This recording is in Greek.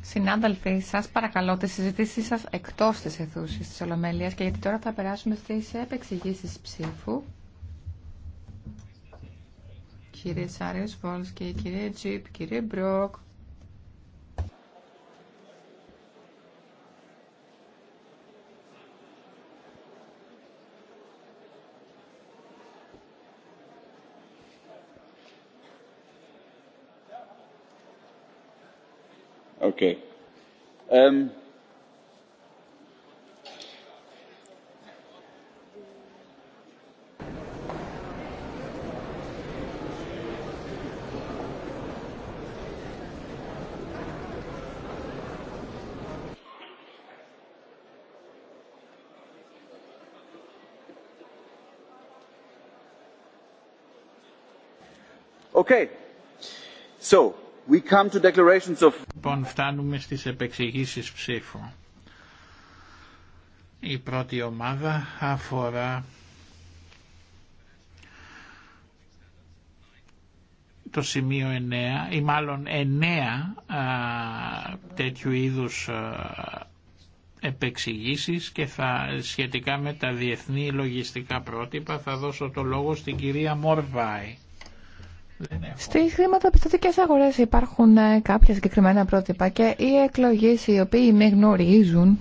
Συνάδελφοι, σας παρακαλώ τις συζητήσεις σας εκτός της αιθούσης της Ολομέλειας και γιατί τώρα θα περάσουμε στις επεξηγήσεις ψήφου. Κύριε Σάριος Βόλς και κύριε Τζιπ, κύριε Μπρόκ, Okay. Um, okay. So, Λοιπόν, φτάνουμε στις επεξηγήσεις ψήφου. Η πρώτη ομάδα αφορά το σημείο 9 ή μάλλον 9 α, τέτοιου είδους α, επεξηγήσεις και θα σχετικά με τα διεθνή λογιστικά πρότυπα θα δώσω το λόγο στην κυρία Μορβάη. Στι χρηματοπιστωτικέ αγορές υπάρχουν ε, κάποια συγκεκριμένα πρότυπα και οι εκλογέ οι οποίοι με γνωρίζουν